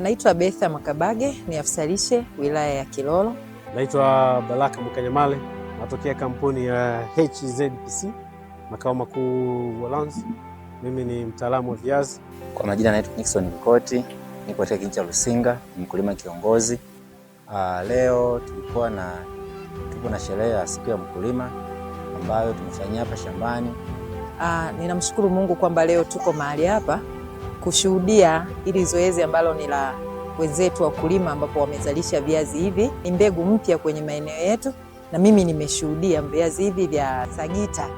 Naitwa Betha makabage ni afisa lishe wilaya ya Kilolo. Naitwa Baraka Mkanyamale, natokea kampuni ya HZPC makao makuu Walans. Mimi ni mtaalamu wa viazi. Kwa majina naitwa Nixon Mkoti, niko katika kijiji cha Lusinga, mkulima kiongozi. Uh, leo tulikuwa na tuko na sherehe ya siku ya mkulima ambayo tumefanyia hapa shambani. Uh, ninamshukuru Mungu kwamba leo tuko mahali hapa kushuhudia ili zoezi ambalo ni la wenzetu wakulima, ambapo wamezalisha viazi hivi, ni mbegu mpya kwenye maeneo yetu, na mimi nimeshuhudia viazi hivi vya Sagita.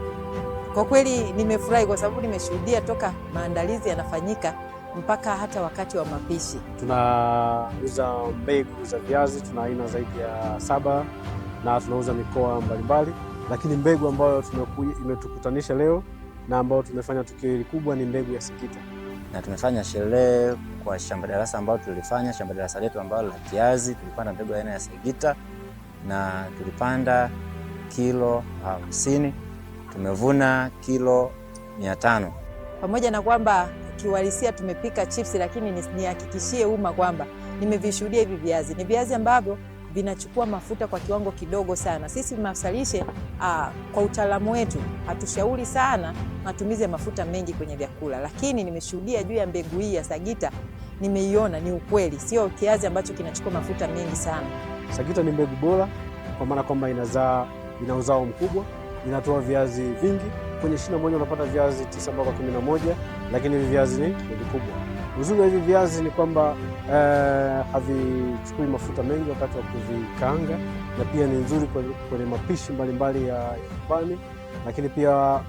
Kwa kweli nimefurahi kwa sababu nimeshuhudia toka maandalizi yanafanyika mpaka hata wakati wa mapishi. Tunauza mbegu za viazi, tuna aina zaidi ya saba na tunauza mikoa mbalimbali, lakini mbegu ambayo imetukutanisha leo na ambayo tumefanya tukio hili kubwa ni mbegu ya Sagita na tumefanya sherehe kwa shamba darasa ambalo tulifanya shamba darasa letu ambalo la kiazi, tulipanda mbegu aina ya Sagita na tulipanda kilo hamsini, tumevuna kilo mia tano. Pamoja na kwamba kiuhalisia tumepika chips, lakini nihakikishie umma kwamba nimevishuhudia hivi viazi, ni viazi ambavyo vinachukua mafuta kwa kiwango kidogo sana. Sisi mafsalishe lishe ah, kwa utaalamu wetu hatushauri sana matumizi ya mafuta mengi kwenye vyakula, lakini nimeshuhudia juu ya mbegu hii ya Sagita, nimeiona ni ukweli, sio kiazi ambacho kinachukua mafuta mengi sana. Sagita ni mbegu bora kwa maana kwamba inazaa, ina uzao mkubwa, inatoa viazi vingi. Kwenye shina moja unapata viazi 9 mpaka 11, lakini hivi viazi ni vikubwa. Uzuri wa hivi viazi ni kwamba eh, havichukui mafuta mengi wakati wa kuvikaanga, na pia ni nzuri kwenye, kwenye mapishi mbalimbali ya nyumbani, lakini pia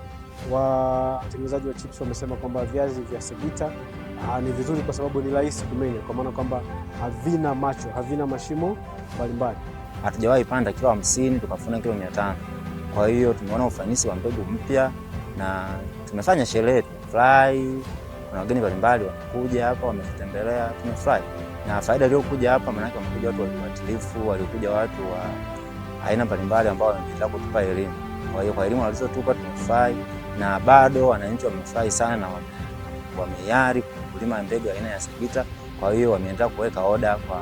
watengenezaji wa chips wamesema kwamba viazi vya Segita ah, ni vizuri kwa sababu ni rahisi kumenya, kwa maana kwamba havina macho, havina mashimo mbalimbali. Hatujawahi panda kilo hamsini tukafuna kilo mia tano kwa hiyo tumeona ufanisi wa mbegu mpya na tumefanya sherehe furahi kuna wageni mbalimbali wamekuja hapa, wametembelea tumefurahi. Na faida iliyokuja hapa, maanake wamekuja watu waatilifu, waliokuja watu wa aina mbalimbali ambao wamependa kutupa elimu. Kwa hiyo kwa elimu walizotupa tumefurahi, na bado wananchi wamefurahi sana na wameyari kulima mbegu aina ya Sagita. Kwa hiyo wameendelea kuweka oda kwa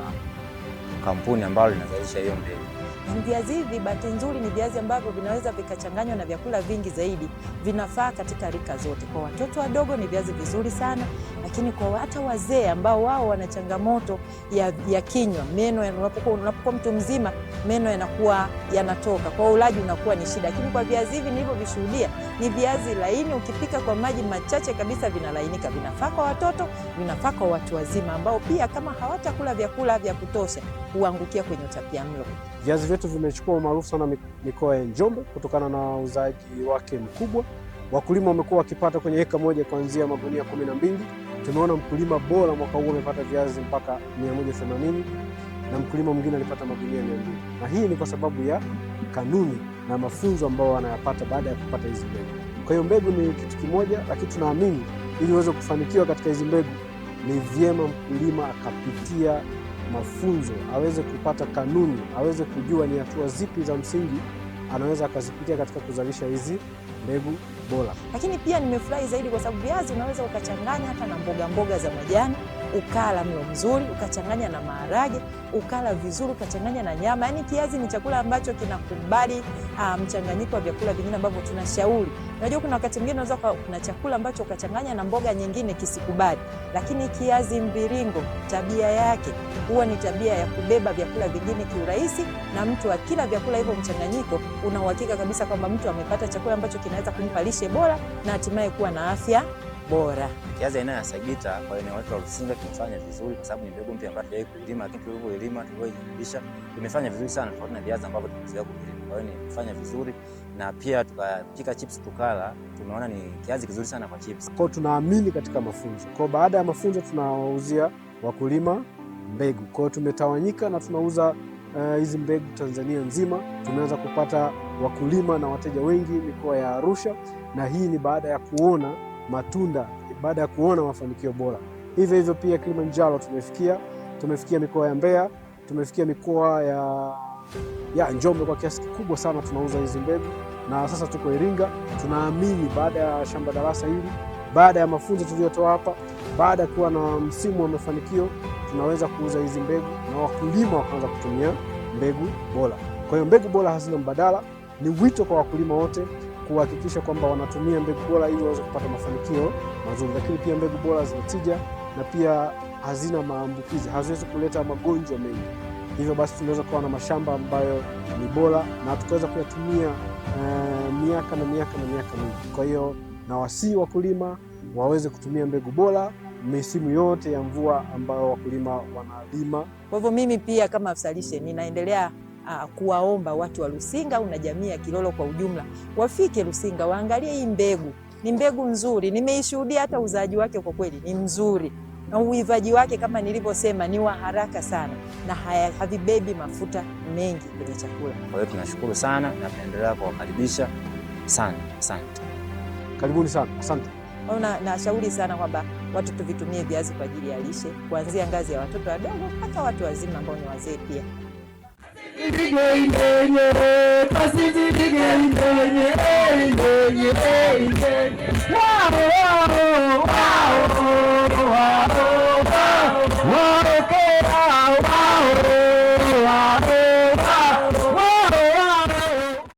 kampuni ambalo linazalisha hiyo mbegu. Viazi hivi bahati nzuri ni viazi ambavyo vinaweza vikachanganywa na vyakula vingi zaidi, vinafaa katika rika zote. Kwa watoto wadogo ni viazi vizuri sana, lakini kwa hata wazee ambao wao wana changamoto ya, ya kinywa, meno yanapokuwa, unapokuwa mtu mzima meno yanakuwa yanatoka, kwa ulaji unakuwa ni shida. Lakini kwa viazi hivi nilivyovishuhudia, ni viazi laini, ukipika kwa maji machache kabisa vinalainika. Vinafaa kwa watoto, vinafaa kwa watu wazima ambao pia kama hawatakula vyakula vya kutosha huangukia kwenye utapiamlo. Viazi vyetu vimechukua umaarufu sana mikoa ya Njombe kutokana na uzaaji wake mkubwa. Wakulima wamekuwa wakipata kwenye heka moja kuanzia magunia kumi na mbili. Tumeona mkulima bora mwaka huu amepata viazi mpaka 180 na mkulima mwingine alipata magunia mbili, na hii ni kwa sababu ya kanuni na mafunzo ambayo wanayapata baada ya kupata hizi mbegu. Kwa hiyo mbegu ni kitu kimoja, lakini tunaamini ili uweze kufanikiwa katika hizi mbegu ni vyema mkulima akapitia mafunzo, aweze kupata kanuni, aweze kujua ni hatua zipi za msingi anaweza akazipitia katika kuzalisha hizi mbegu bora. Lakini pia nimefurahi zaidi kwa sababu viazi unaweza ukachanganya hata na mboga mboga za majani ukala mlo mzuri, ukachanganya na maharage, ukala vizuri, ukachanganya na nyama. Yaani kiazi ni chakula ambacho kinakubali ah, mchanganyiko um, wa vyakula vingine ambavyo tunashauri. Unajua kuna wakati mwingine unaweza kuna chakula ambacho ukachanganya na mboga nyingine kisikubali, lakini kiazi mviringo tabia yake huwa ni tabia ya kubeba vyakula vingine kiurahisi, na mtu akila vyakula hivyo mchanganyiko, una uhakika kabisa kwamba mtu amepata chakula ambacho kinaweza kumpa lishe bora na hatimaye kuwa na afya bora. Ukianza eneo ya Sagita kwa eneo letu la Rusinga kimefanya vizuri kwa sababu ni mbegu mpya ambayo hatujawahi kulima, lakini tulivyoilima tulivyoijumulisha imefanya vizuri sana tofauti na viazi ambavyo tumezoea kulima. Kwa hiyo imefanya vizuri na pia tukapika chips tukala, tumeona ni kiazi kizuri sana kwa chips. Kwa tunaamini katika mafunzo. Kwa baada ya mafunzo tunawauzia wakulima mbegu. Kwa hiyo tumetawanyika na tunauza eh, hizi uh, mbegu Tanzania nzima. tumeanza kupata wakulima na wateja wengi mikoa ya Arusha, na hii ni baada ya kuona matunda baada ya kuona mafanikio bora. Hivyo hivyo pia Kilimanjaro tumefikia, tumefikia mikoa ya Mbeya, tumefikia mikoa ya, ya Njombe kwa kiasi kikubwa sana tunauza hizi mbegu, na sasa tuko Iringa. Tunaamini baada ya shamba darasa hili, baada ya mafunzo tuliyotoa hapa, baada ya kuwa na msimu wa mafanikio, tunaweza kuuza hizi mbegu na wakulima wakaanza kutumia mbegu bora. Kwa hiyo mbegu bora hazina mbadala, ni wito kwa wakulima wote kuhakikisha kwamba wanatumia mbegu bora ili waweze kupata mafanikio mazuri, lakini pia mbegu bora zinatija tija na pia hazina maambukizi, haziwezi kuleta magonjwa mengi. Hivyo basi tunaweza kuwa na mashamba ambayo ni bora na tukaweza kuyatumia e, miaka na miaka na miaka mingi. Kwa hiyo nawasihi wakulima waweze kutumia mbegu bora misimu yote ya mvua ambayo wakulima wanalima. Kwa hivyo mimi pia kama afisa lishe ninaendelea uh, kuwaomba watu wa Lusinga au na jamii ya Kilolo kwa ujumla wafike Lusinga waangalie hii mbegu. Ni mbegu nzuri, nimeishuhudia hata uzaji wake kwa kweli ni mzuri na uivaji wake kama nilivyosema ni wa haraka sana na haya havibebi mafuta mengi kwenye chakula. Kwa hiyo tunashukuru sana na tunaendelea kuwakaribisha sana. Asante, karibuni sana, asante. Na nashauri sana kwamba watu tuvitumie viazi kwa ajili ya lishe kuanzia ngazi ya watoto wadogo mpaka watu wazima ambao ni wazee pia. Wow!